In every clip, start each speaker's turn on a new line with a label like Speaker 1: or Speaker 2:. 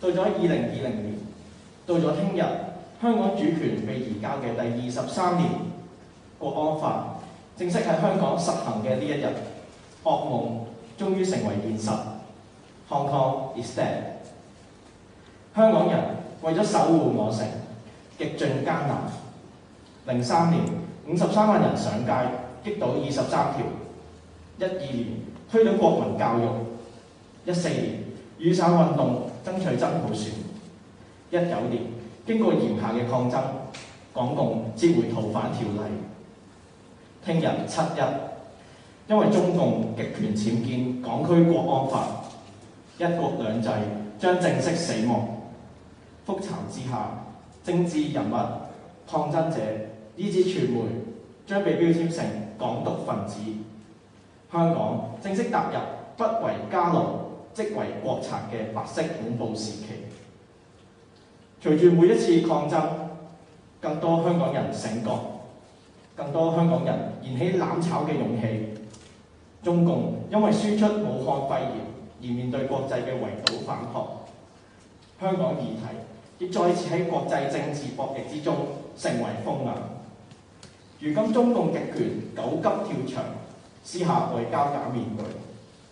Speaker 1: 到咗二零二零年，到咗聽日，香港主權被移交嘅第二十三年，國安法正式喺香港實行嘅呢一日，惡夢終於成為現實。Hong Kong is dead。香港人為咗守護我城，極盡艱難。零三年五十三萬人上街，擊倒二十三條；一二年推倒國民教育；一四年雨傘運動。爭取真普選。一九年經過嚴格嘅抗爭，《港共接回逃犯條例》聽日七一，因為中共極權僭建港區國安法，《一國兩制》將正式死亡。覆巢之下，政治人物、抗爭者、以至傳媒將被標籤成港獨分子。香港正式踏入不為家內。即為國策嘅白色恐怖時期。隨住每一次抗爭，更多香港人醒覺，更多香港人燃起攬炒嘅勇氣。中共因為輸出武漢肺炎而面對國際嘅圍堵反撲，香港議題亦再次喺國際政治博弈之中成為風雲。如今中共極權狗急跳牆，撕下外交假面具，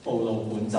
Speaker 1: 暴露本質。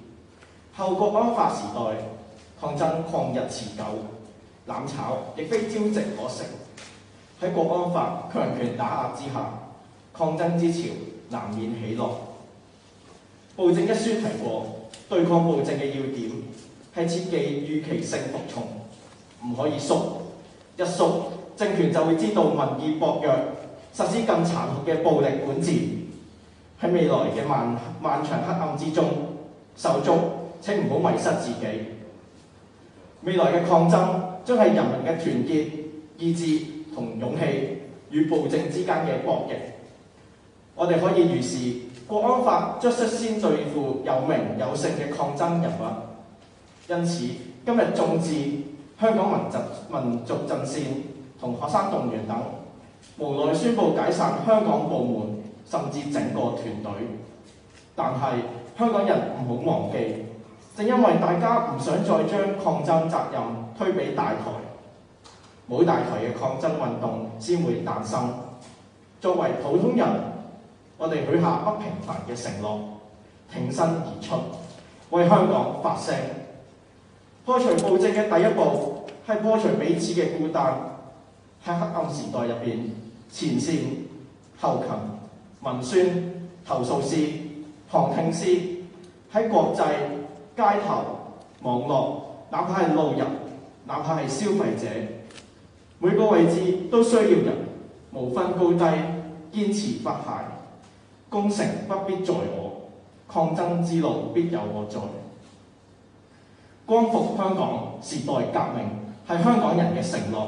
Speaker 1: 後國安法時代抗爭曠日持久，攬炒亦非朝夕可成。喺國安法強權打壓之下，抗爭之潮難免起落。暴政一書提過，對抗暴政嘅要點係切忌預期性服從，唔可以縮一縮，政權就會知道民意薄弱，實施更殘酷嘅暴力管治。喺未來嘅漫漫長黑暗之中，受足。請唔好迷失自己。未來嘅抗爭將係人民嘅團結意志同勇氣與暴政之間嘅博弈。我哋可以預示，國安法將率先對付有名有姓嘅抗爭人物。因此，今日眾志、香港民族、民族陣線同學生動員等無奈宣布解散香港部門，甚至整個團隊，但係香港人唔好忘記。正因為大家唔想再將抗爭責任推俾大台，冇大台嘅抗爭運動先會誕生。作為普通人，我哋許下不平凡嘅承諾，挺身而出，為香港發聲。破除暴政嘅第一步係破除彼此嘅孤單。喺黑暗時代入面，前線、後勤、文宣、投訴師、旁聽師喺國際。街頭、網絡，哪怕係路人，哪怕係消費者，每個位置都需要人，無分高低，堅持不懈，功成不必在我，抗爭之路必有我在。光復香港，時代革命，係香港人嘅承諾。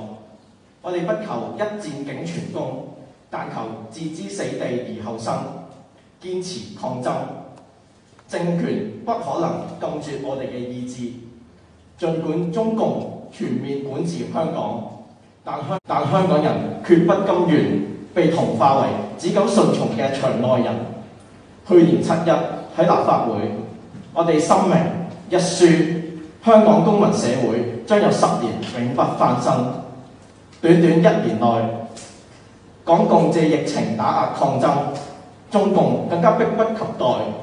Speaker 1: 我哋不求一戰竟全功，但求置之死地而後生，堅持抗爭。政權不可能禁絕我哋嘅意志，儘管中共全面管治香港，但香但香港人決不甘願被同化為只敢順從嘅場內人。去年七一喺立法會，我哋心明一説，香港公民社會將有十年永不翻身。短短一年內，港共借疫情打壓抗爭，中共更加迫不及待。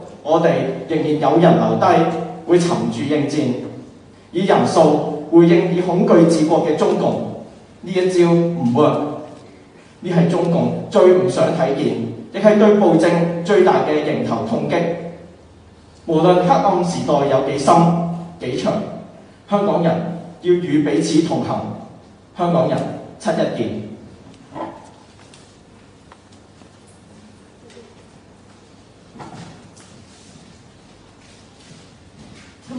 Speaker 1: 我哋仍然有人留低，會沉住應戰，以人數回應以恐懼治國嘅中共呢一招唔 work，呢係中共最唔想睇見，亦係對暴政最大嘅迎頭痛擊。無論黑暗時代有幾深幾長，香港人要與彼此同行。香港人七一見。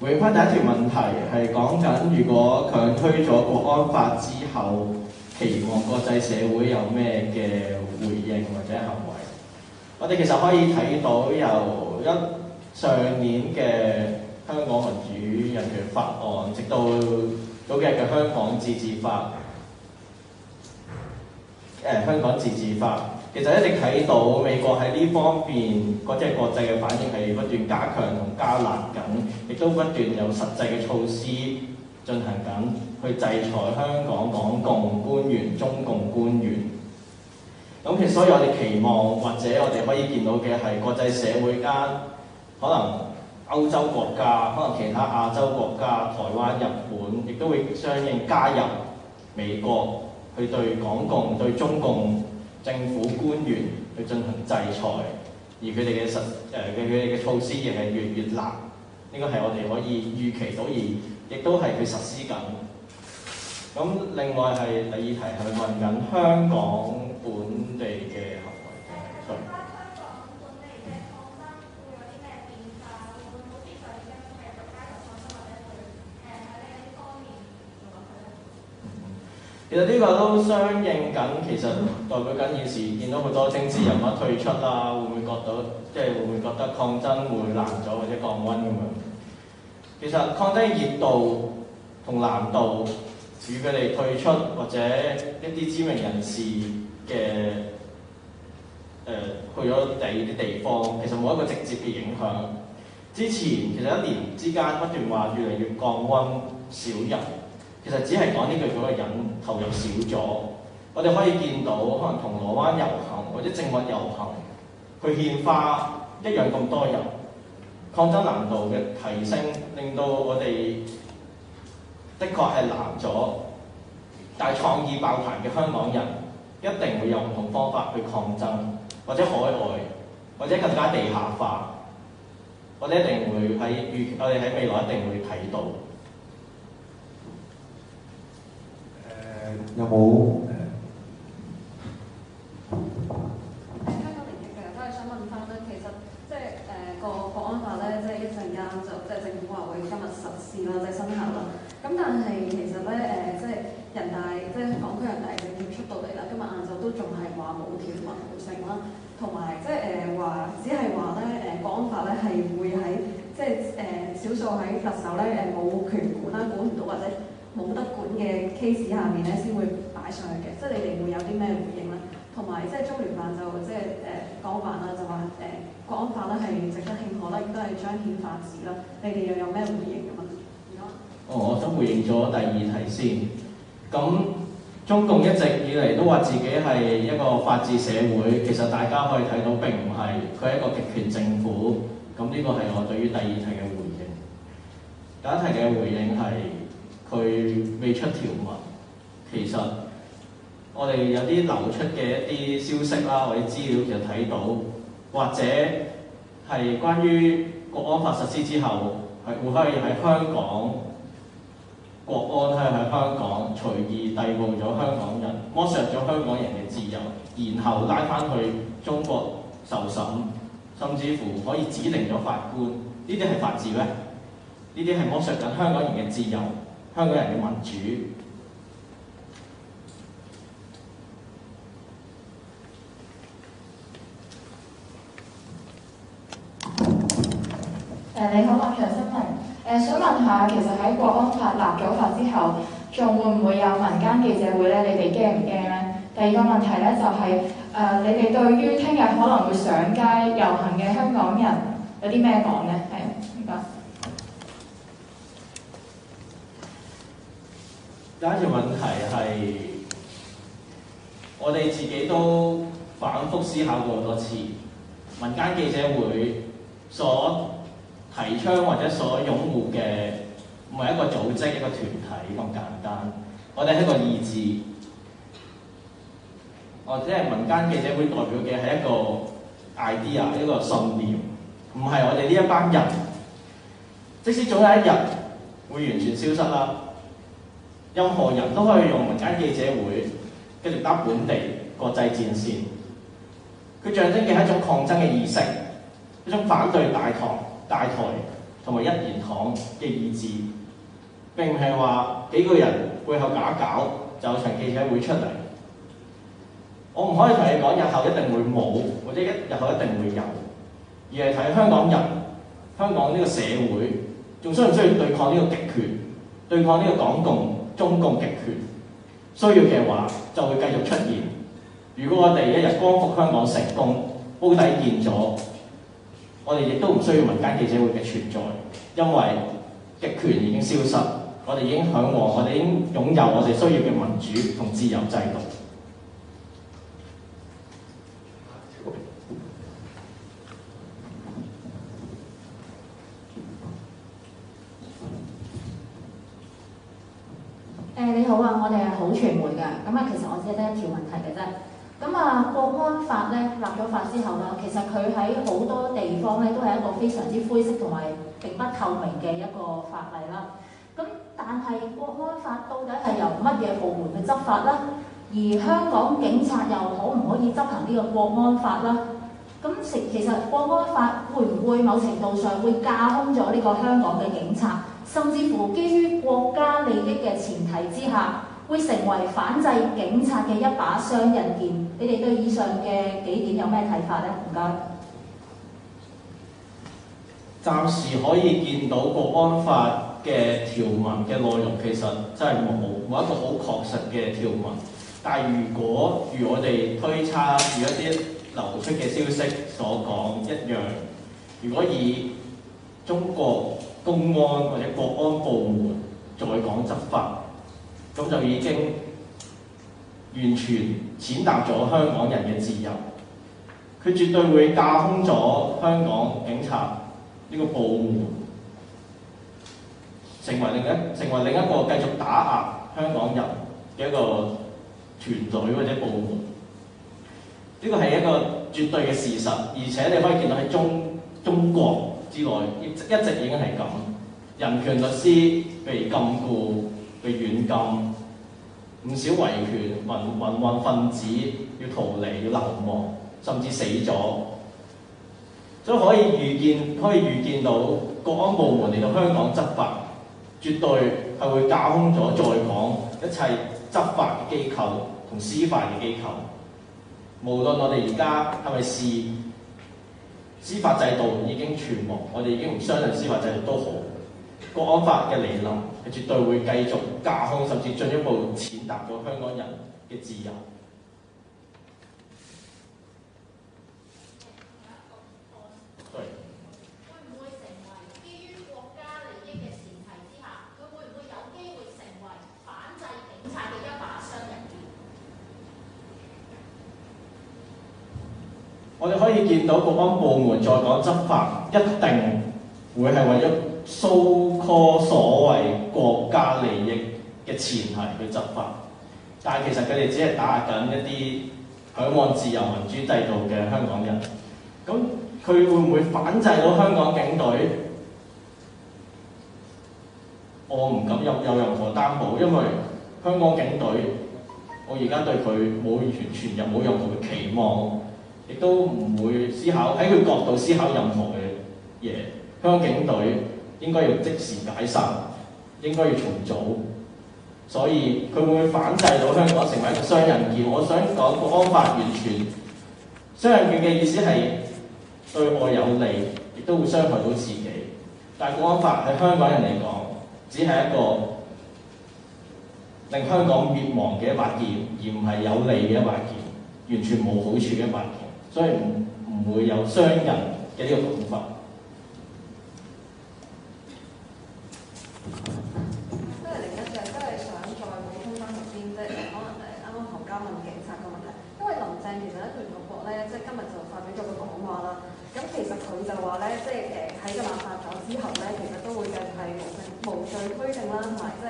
Speaker 1: 永坤，第一條問題係講緊，如果強推咗國安法之後，期望國際社會有咩嘅回應或者行為？我哋其實可以睇到由一上年嘅香港民主人權法案，直到早幾日嘅香港自治法，誒香港自治法。其實一直睇到美國喺呢方面國際嘅反應係不斷加強同加辣緊，亦都不斷有實際嘅措施進行緊，去制裁香港港共官員、中共官員。咁其實所以我哋期望或者我哋可以見到嘅係國際社會間可能歐洲國家、可能其他亞洲國家、台灣、日本，亦都會相應加入美國去對港共、對中共政府官員去進行制裁，而佢哋嘅實誒，佢佢哋嘅措施亦係越越難，呢個係我哋可以預期到而，而亦都係佢實施緊。咁另外係第二題，係問緊香港本地嘅。其實呢個都相應緊，其實代表緊要時見到好多政治人物退出啦，會唔會覺得即係會唔會覺得抗爭會難咗或者降溫咁樣？其實抗爭熱度同難度與佢哋退出或者一啲知名人士嘅誒、呃、去咗第二啲地方，其實冇一個直接嘅影響。之前其實一年之間不斷話越嚟越降溫少人。其實只係講呢句，佢個人投入少咗。我哋可以見到，可能銅鑼灣遊行或者政運遊行，去獻花一樣咁多人。抗爭難度嘅提升，令到我哋的確係難咗。但係創意爆棚嘅香港人一定會有唔同方法去抗爭，或者海外，或者更加地下化。我哋一定會喺我哋喺未來一定會睇到。有
Speaker 2: 冇誒？誒香港名額嘅，都係想問翻咧，其實即係誒個《國安法》咧，即係一陣間就即係政府話會今日實施啦，即係生效啦。咁但係其實咧誒、呃，即係人大，即係港區人大，直接出到嚟啦。今日晏晝都仲係話冇條文成啦，同埋即係誒話只係話咧誒《國安法》咧係會喺即係誒少數喺特首咧誒冇權管啦管，冇得管嘅 case 下面咧，先會擺上去嘅，即係你哋會有啲咩回應咧？同埋即係中聯辦就即係誒港辦啦，就話誒國安法咧係、呃、值得慶賀啦，亦都係彰
Speaker 3: 顯
Speaker 1: 法治啦。你哋又有咩回應嘅問題？哦，我想回應咗第二題先。咁中共一直以嚟都話自己係一個法治社會，其實大家可以睇到並唔係，佢係一個極權政府。咁呢個係我對於第二題嘅回應。第一題嘅回應係。佢未出條文，其實我哋有啲流出嘅一啲消息啦，或者資料就睇到，或者係關於國安法實施之後，係會可以喺香港國安係喺香港隨意逮捕咗香港人，剝削咗香港人嘅自由，然後拉翻去中國受審，甚至乎可以指定咗法官，呢啲係法治咩？呢啲係剝削緊香港人嘅自由。香港
Speaker 2: 人嘅民主。誒、呃、你好，啊強新聞。誒、呃、想問下，其實喺國安法立咗法之後仲會唔會有民間記者會咧？你哋驚唔驚咧？第二個問題咧就係、是、誒、呃、你哋對於聽日可能會上街遊行嘅香港人有啲咩講？
Speaker 1: 第一條問題係，我哋自己都反覆思考過好多次。民間記者會所提倡或者所擁護嘅唔係一個組織，一個團體咁簡單，我哋係一個意志，或者係民間記者會代表嘅係一個 idea，一個信念，唔係我哋呢一班人，即使總有一日會完全消失啦。任何人都可以用民間記者會，繼續搭本地國際戰線。佢象徵嘅係一種抗爭嘅意識，一種反對大台、大台同埋一言堂嘅意志。並唔係話幾個人背後搞一搞就有場記者會出嚟。我唔可以同你講日後一定會冇，或者一日後一定會有，而係睇香港人、香港呢個社會仲需唔需要對抗呢個極權、對抗呢個港共。中共極權需要嘅話，就會繼續出現。如果我哋一日光復香港成功，煲底見咗，我哋亦都唔需要民間記者會嘅存在，因為極權已經消失，我哋已經享獲，我哋已經擁有我哋需要嘅民主同自由制度。
Speaker 2: 咁啊，其實我只係得一條問題嘅啫。咁啊，國安法咧立咗法之後咧，其實佢喺好多地方咧都係一個非常之灰色同埋並不透明嘅一個法例啦。咁但係國安法到底係由乜嘢部門去執法咧，而香港警察又可唔可以執行呢個國安法啦？咁其實國安法會唔會某程度上會架空咗呢個香港嘅警察，甚至乎基於國家利益嘅前提之下？會成為反制警察嘅一把雙刃劍。你哋對以上嘅幾點有咩睇法呢？
Speaker 1: 唔該。暫時可以見到《國安法》嘅條文嘅內容，其實真係冇冇一個好確實嘅條文。但係如果如我哋推測，如一啲流出嘅消息所講一樣，如果以中國公安或者國安部門再講執法。咁就已經完全踐踏咗香港人嘅自由，佢絕對會架空咗香港警察呢個部門，成為另一成為另一個繼續打壓香港人嘅一個團隊或者部門。呢個係一個絕對嘅事實，而且你可以見到喺中中國之內一直一直已經係咁，人權律師被禁錮，嘅軟禁，唔少維權民民運分子要逃離、要流亡，甚至死咗，所以可以預見，可以預見到，國安部門嚟到香港執法，絕對係會架空咗在港一切執法嘅機構同司法嘅機構。無論我哋而家係咪試司法制度已經全亡，我哋已經唔相信司法制度都好，國安法嘅理論。絕對會繼續架空，甚至進一步踐踏到香港人嘅自由。對，佢會唔會成為基於國
Speaker 2: 家利益
Speaker 4: 嘅前提之下，佢會唔會有機會成為反制警察嘅一把雙刃劍？
Speaker 1: 我哋可以見到，公安部門再講執法，一定會係為咗收科所謂國家利益嘅前提去執法，但係其實佢哋只係打緊一啲向往自由民主制度嘅香港人。咁佢會唔會反制到香港警隊？我唔敢有有任何擔保，因為香港警隊，我而家對佢冇完全冇任何嘅期望，亦都唔會思考喺佢角度思考任何嘅嘢。香港警隊應該要即時解散。應該要重組，所以佢會唔會反制到香港成為一個雙刃劍？我想講《國安法》完全雙刃劍嘅意思係對我有利，亦都會傷害到自己。但《國安法》喺香港人嚟講，只係一個令香港滅亡嘅一把劍，而唔係有利嘅一把劍，完全冇好處嘅一把劍，所以唔唔會有雙刃嘅呢個講法。
Speaker 2: 即係另一隻，真係想再補充翻頭先，即係可能誒啱啱同交問警察嘅問題，因為林鄭其實喺佢個博咧，即係今日就發表咗個講話啦。咁其實佢就話咧，即係誒喺今日發咗之後咧，其實都會繼續係無罪無罪推定啦，同埋即係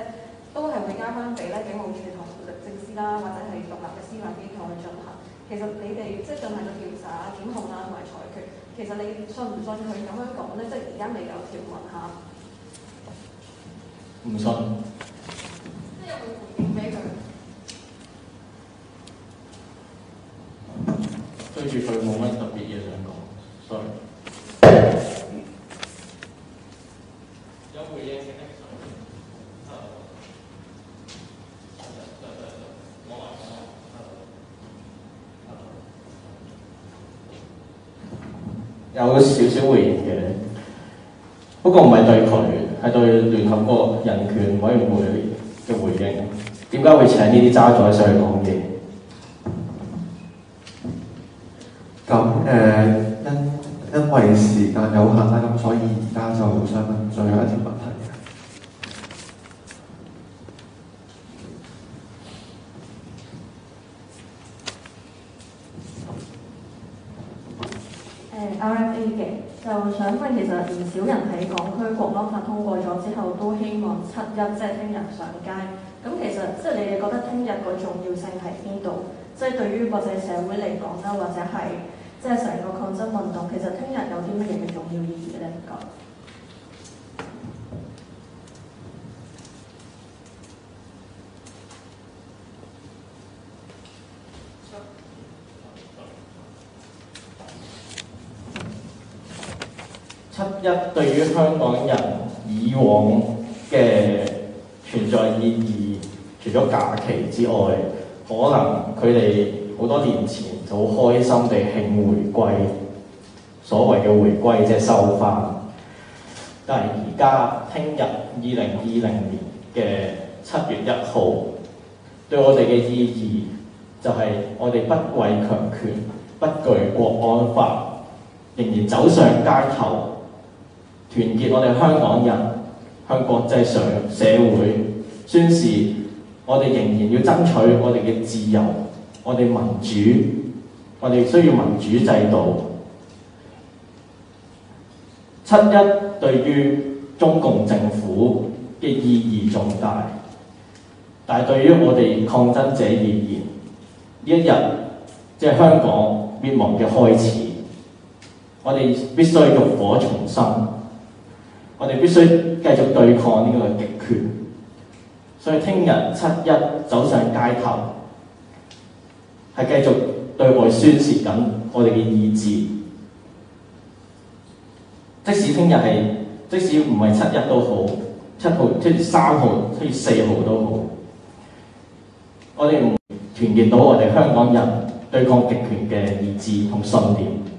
Speaker 2: 都係會交翻俾咧警務處同律政司啦，或者係獨立嘅司法機構去進行。其實你哋即係進行個調查、檢控啦，同埋裁決，其實你信唔信佢咁樣講咧？即係而家未有條文嚇。
Speaker 1: 唔信。即係會回應俾佢。對住佢冇乜特別嘢想講，Sorry。有回應嘅呢？有少少回應嘅，不過唔係對。會請呢啲揸仔上去講嘢。咁誒、呃，因因為時間有限啦，咁所以而家就好想問最後一條問題。呃、
Speaker 4: RFA 嘅，
Speaker 2: 就想問其實唔少人喺港區《國安法》通過咗之後，都希望七一即係聽日上街。咁其實即係、就是、你哋覺得聽日個重要性喺邊度？即、就、係、是、對於國際社會嚟講啦，或者係即係成個抗爭運
Speaker 1: 動，其實聽日有啲乜嘢嘅重要意義咧？唔該。七一對於香港人以往嘅存在意義？除咗假期之外，可能佢哋好多年前就好開心地慶回歸，所謂嘅回歸即係收翻。但係而家聽日二零二零年嘅七月一號對我哋嘅意義，就係我哋不畏強權，不懼國安法，仍然走上街頭，團結我哋香港人，向國際上社會宣示。我哋仍然要爭取我哋嘅自由，我哋民主，我哋需要民主制度。七一對於中共政府嘅意義重大，但係對於我哋抗爭者而言，呢一日即係香港滅亡嘅開始。我哋必須浴火重生，我哋必須繼續對抗呢個極權。所以聽日七一走上街頭，係繼續對外宣示緊我哋嘅意志。即使聽日係，即使唔係七一都好，七號、七月三號、七月四號都好，我哋唔團結到我哋香港人對抗極權嘅意志同信念。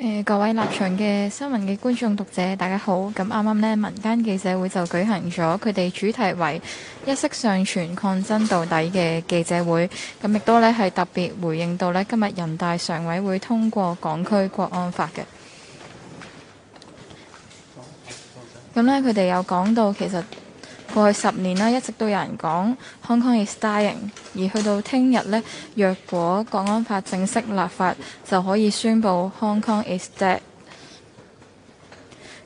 Speaker 2: 誒各位立場嘅新聞嘅觀眾讀者，大家好。咁啱啱呢民間記者會就舉行咗佢哋主題為一息尚存抗爭到底嘅記者會。咁亦都呢係特別回應到呢今日人大常委會通過港區國安法嘅。咁呢，佢哋有講到其實。過去十年啦，一直都有人講 Hong Kong is dying，而去到聽日呢，若果《國安法》正式立法，就可以宣佈 Hong Kong is dead。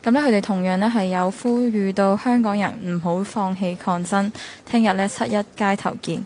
Speaker 2: 噉呢，佢哋同樣呢係有呼籲到香港人唔好放棄抗爭，聽日呢，七一街頭見。